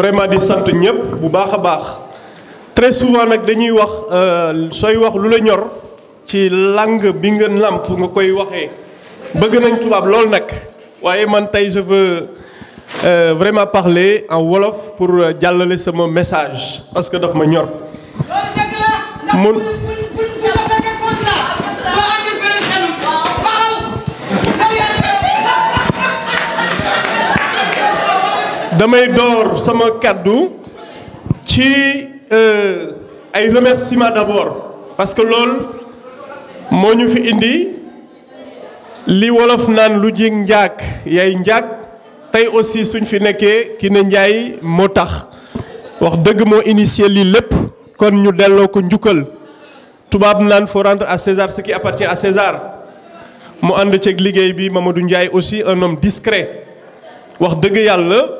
vraiment di sant ñëpp bu baax a baax très souvent nag dañuy wax euh, sooy wax lu la ñor ci langue bi nga nàmp nga koy waxee bëgg nañ tubaab lool nag waaye man tey je euh, vraiment parler en wolof pour euh, jàllale sama message parce que daf ma ñor mun damay door sama kàddu ci euh, ay remerciements d'abord parce que loolu moo ñu fi indi li wolof naan lu jig njaag yay njaag tey aussi suñ fi nekkee ki ne njaay moo tax wax dëgg moo initié lii lépp kon ñu delloo ko njukkal tubaab naan faut à César ce qui appartient à César mu ànd ceeg liggéey bi Mamadou Ndiaye aussi un homme discret wax dëgg yàlla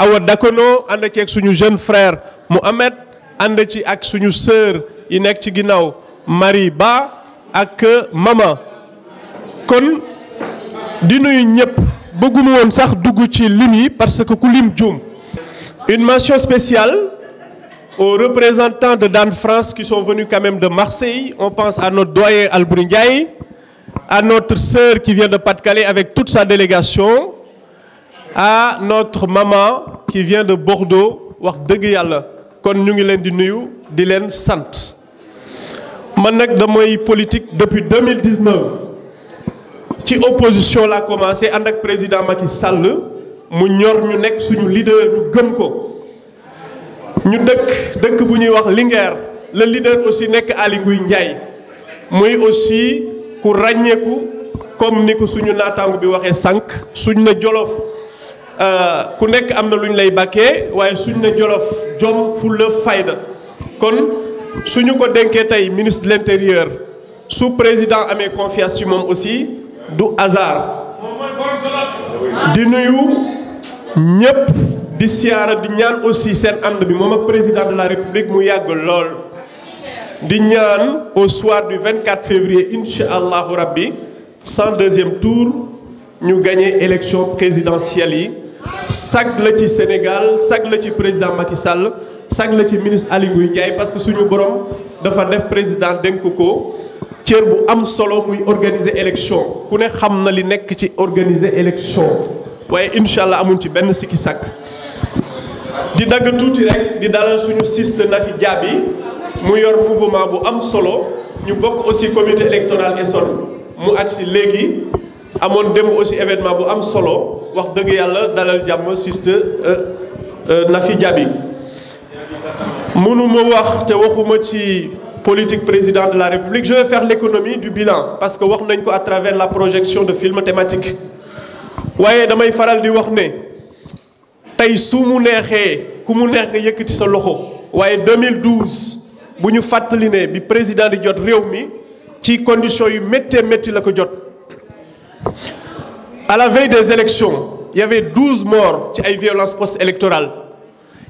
Awa Dakono ànd ci ak suñu jeune frère Mohamed ànd ci ak suñu sœur yi nekk ci ginnaw Marie Ba ak Mama kon di nuyu ñëpp bëgguma won sax duggu ci limi parce que ku lim juum une mention spéciale aux représentants de Dan France qui sont venus quand même de Marseille on pense à notre doyen Albouri à notre sœur qui vient de Pas-de-Calais avec toute sa délégation à notre maman qui vient de Bordeaux wax deug yalla kon ñu ngi leen di nuyu di leen sante man nag damay politique depuis 2019 ci opposition l'a commencé avec ak président Macky Sall mu ñor ñu nek suñu leader ñu gëm ko ñu dëkk dëkk bu ñuy wax Linguère le leader aussi nek Ali Ngouille Ndiaye muy aussi ku ragneku comme ni suñu natangu bi waxee Sank, suñ na Jolof euh, ku nek amna luñ lay baké waye suñ ne jolof jom le fayda kon suñu ko ministre de l'intérieur sous président nous confiance ci aussi du hasard di nuyu ñep di di aussi cette and bi Nous... ak président de la république mu yag lool di ñaan au soir du 24 février inshallah sans tour ñu gagné élection présidentielle sac la ci Sénégal sac la ci président Macky Sall sac la ci ministre Aly parce que suñu borom dafa def président dénk ko cër bu am solo muy organiser élection ku ne xam na li nek ci organiser élection waye inshallah allah amuñ ci benn siki sac di dag touti rek di dalal suñu siste Nafi mu yor mouvement bu am solo ñu bokk aussi comité électoral ESOL mu agsi légui amone démb aussi événement bu am solo wax deug yalla dalal jàmm siste euh, euh, Nafi Diaby mënuma wax te waxuma ci politique président de la République je vais faire l'économie du bilan parce que wax nañ ko à travers la projection de films thématiques. waaye damay faral di wax ne tay sumu nexé neexee ku mu nga sa loxo waaye 2012 buñu fatali né bi président di jot réew mi ci condition yu metté metti la ko jot à la veille des élections, il y avait 12 morts qui une violence post-électorale.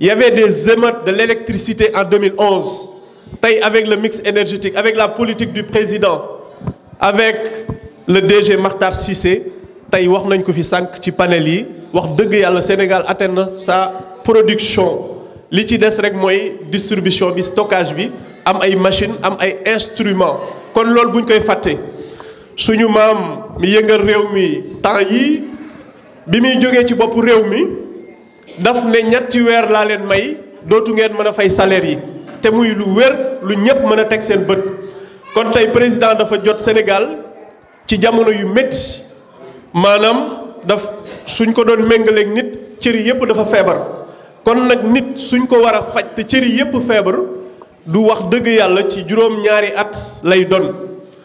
Il y avait des émeutes de l'électricité en 2011. avec le mix énergétique, avec la politique du président, avec le DG Martar Sissé, tey wax a ko fi sànq ci panel yi wax Sénégal atteint sa production li ci des rek distribution bi stockage bi am ay machines am ay instruments kon loolu bu ñu koy suñu maam mi yëngal réew mi temps yii bi muy jógee ci bopp réew mi daf ne ñetti weer laa leen may dootu ngeen mën a fay saleer yi te muy lu wér lu ñëpp mën a teg seen bët kon tey président dafa jot Sénégal ci jamono yu métti maanaam daf suñ ko doon méngaleeg nit cëri yëpp dafa feebar kon nag nit suñ ko war a faj te cëri yëpp feebar du wax dëgg yàlla ci juróom ñaari at lay don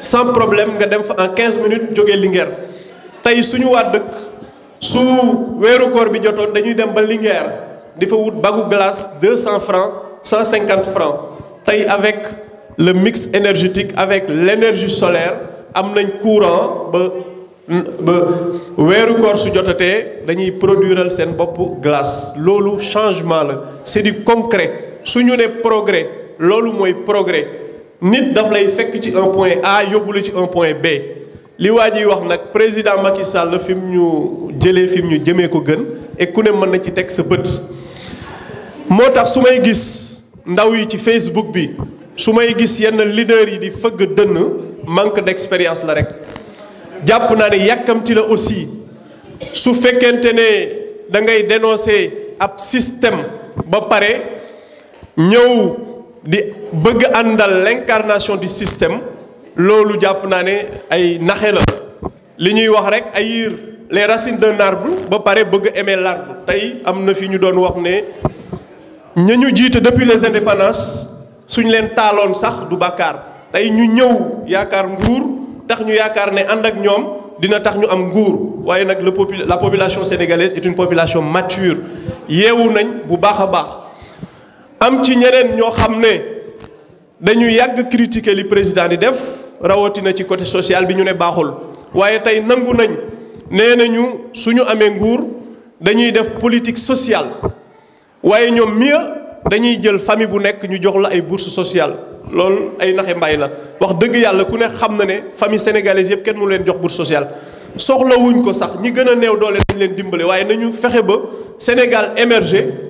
sans problème nga dem en 15 minutes jógee Linguère tay suñu wa deuk su wéru koor bi jotone dañuy dem ba Linguère difa glace 200 francs 150 francs tay avec le mix énergétique avec l'énergie solaire am nañ courant ba ba wéru koor su jotaté dañuy produiral sen bop glace changement c'est du concret suñu né progrès loolu moy progrès nit daf lay fekk ci un point A yóbbu ci un point B li waa ji wax nag président Macky Sall fi mu ñu jëlee fi mu ñu jëmee ko gën et ku ne mën na ci teg sa bët. moo tax su may gis ndaw yi ci Facebook bi su may gis yenn leader yi di fëgg dënn manque d'expérience la rek jàpp naa ne yàkkamti la aussi su fekkente ne da ngay dénoncer ab système ba pare ñëw. De bëgg l'incarnation du système loolu jàpp naa ay naxe liñuy wax rek ay les racines d'un arbre ba paré bëgg aimer l'arbre tay am na fi ñu doon wax né ñañu jité depuis les indépendances suñ leen talon sax du bàkkaar tay ñu ñëw yaakar nguur tax ñu yaakar né ànd ak ñoom dina tax ñu am nguur la population sénégalaise est une population mature yewu nañ bu baaxa baax am ci ñeneen ñoo xam ne dañu yàgg critiquer li président di def rawatina ci côté social bi ñu ne baaxul waaye tey nangu nañ nee nañu su ñu amee nguur dañuy def politique social waaye ñoom mieux dañuy jël famille bu nekk ñu jox la ay bourse sociale loolu ay naxe mbay la wax dëgg yàlla ku ne xam na ne famille sénégalaise yëpp kenn mu leen jox bourse sociale soxlawuñ ko sax ñi gën a néew doole dañ leen dimbale waaye nañu fexe ba Sénégal émerger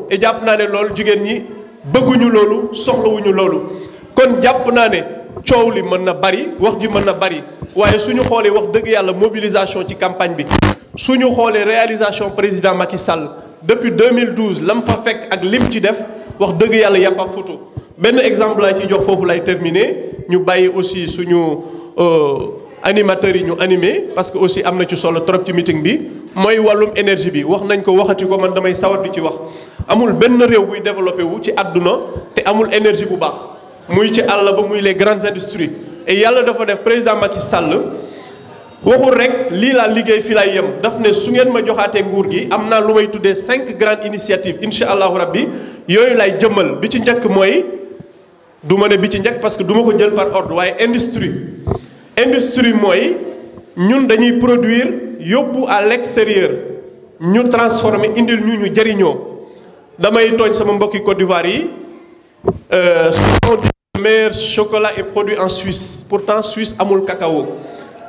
et jàpp naa ne loolu jigéen ñi bëgguñu loolu soxlawuñu lolou kon japp naane ne coow li mën na bari wax ji mën na bari waye suñu xolé wax dëgg yalla mobilisation ci campagne bi suñu xolé réalisation président Macky Sall depuis 2012 lam fa fek ak lim ci def wax dëgg yalla ya a photo ben exemple la ci jox fofu lay terminer ñu bayyi aussi suñu euh, animateurs yi ñu animer parce que aussi amna ci solo trop ci meeting bi. mooy wàllum énergie bi wax nañ ko waxati ko man damay sawar di ci wax amul benn réew buy développé wu ci àdduna te amul énergie bu baax muy ci àll ba muy les grande industries et yàlla dafa def président Macky Sall waxul rek lii laa liggéey fi laay yem daf ne su ngeen ma joxaatee nguur gi am naa lu may tuddee cinq grandes initiatives incha allahu rabbi yooyu laay jëmmal bi ci njëkk mooy du ma ne bi ci njëkk parce que du ma ko jël par ordre waaye industrie industrie mooy ñun dañuy produire yóbbu à l'extérieur ñu transformer indil ñu ñu jëriñoo damay tooñ sama mbokki Côte d'Ivoire yi euh, souvent meilleur chocolat est produit en Suisse pourtant Suisse amul cacao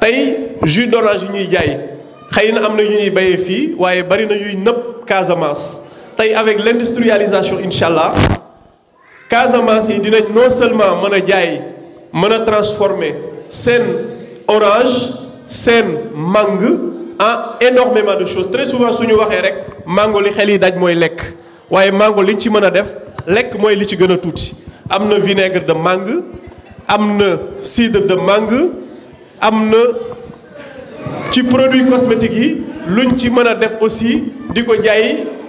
tey jus d'orange yi ñuy jaay xëy na am na yu ñuy béyee fii waaye bari na yuy nëpp Casamance tey avec l'industrialisation incha allah Casamance yi dinañ non seulement mën a jaay transformer seen orange. Sen mangue a énormément de choses très souvent suñu waxé rek mango li daj moy waye mango liñ ci def lek moy li vinaigre de mangue amna cidre de mangue amna ci produits cosmétiques yi luñ aussi du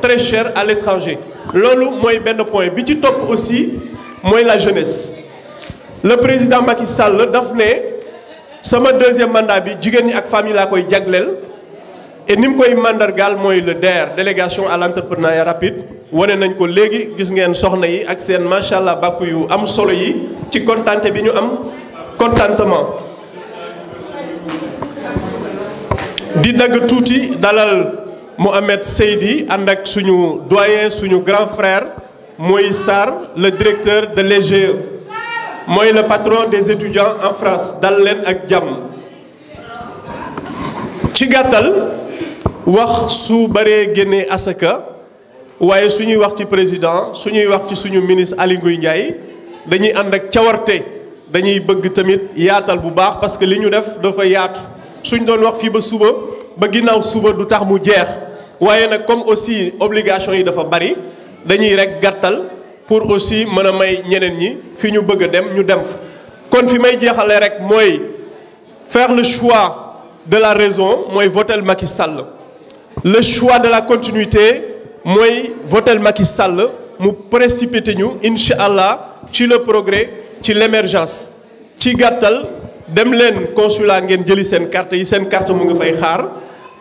très cher à l'étranger lolu moy benn point bi ci top aussi moy la jeunesse le président Macky Sall daf sama deuxième mandat bi jigéen ñi ak qui la koy jaglel et nous koy mandargal moy le DER délégation à l'entrepreneuriat rapide woné nañ ko gis soxna yi ak am solo yi ci am contentement. dalal Mohamed Seydi andak doyen suñu grand frère Moïse, le directeur de l'EGE moi, le patron des étudiants en France dal leen ak jàmm ci gene su asaka Waye su ñuy wax ci président su ñuy wax ci suñu ministre Aly Ngouille dany dañuy ànd ak cawarte dañuy bëgg tamit yaatal bu baax parce que li def dafa yaatu suñ don wax fii ba suba ba ginnaaw suba du tax mu jeex comme aussi obligation yi dafa bari dañuy rek Gatal, pour aussi mën may ñeneen ñi fi ñu bëgg dem ñu dem fa kon fi may jeexalee rek moy faire le choix de la raison moy voter Macky Sall le choix de la continuité moy voter Macky Sall mu précipité ñu inshallah ci le progrès ci l'émergence ci gattal dem len consulat ngeen jëli seen carte yi seen carte mu ngi fay xaar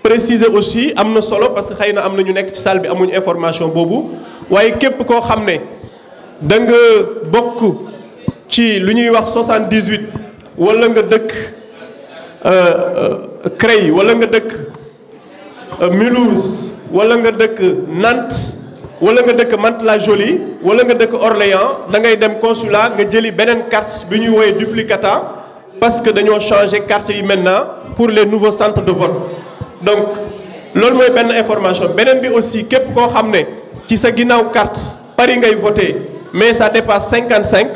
préciser aussi amna solo parce que xeyna amna ñu nek ci salle bi amuñ information bobu waye képp ko xamné danga bokku ci lu ñuy wax 78 wala nga dëkk euh, euh, euh, Mulhouse wala nga Nantes wala nga dëkk jolie wala nga dëkk Orléans da ngay dem consulat nga jëli carte duplicata parce que dañoo changer carte maintenant pour les nouveaux centres de vote donc lool une benn information benen bi aussi képp koo xam ci sa carte voter. mais ça dépasse 55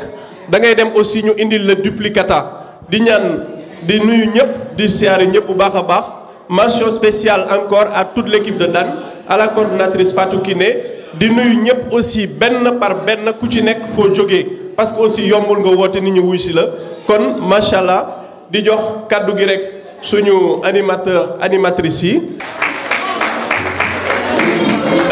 da ngay dem aussi ñu indi le duplicata di ñaan di nuyu ñep di siyaare ñep bu baaxa baax mention spéciale encore à toute l'équipe de Dan à la coordinatrice Fatou Kiné di nuyu ñep aussi benn par ben ku ci nekk fo joggé parce que aussi yombul nga wote nit ñi wuy ci la kon machallah di jox kàddu gi rek suñu animateur animatrice yi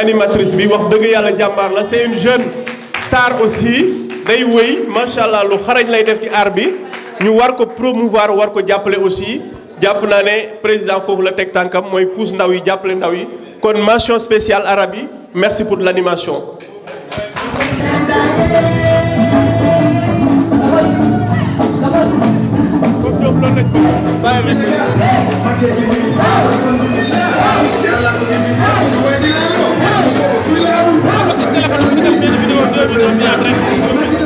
animatrice bi wax deug yalla jambar la c'est une jeune Star aussi day wey machallah xarañ lay def ci ñu war ko promouvoir war ko aussi japp président fofu la tek tankam pousse ndaw yi ndaw mention spéciale arabe merci pour l'animation téléphone bi ñu def benn vidéo deux minutes ñaar rek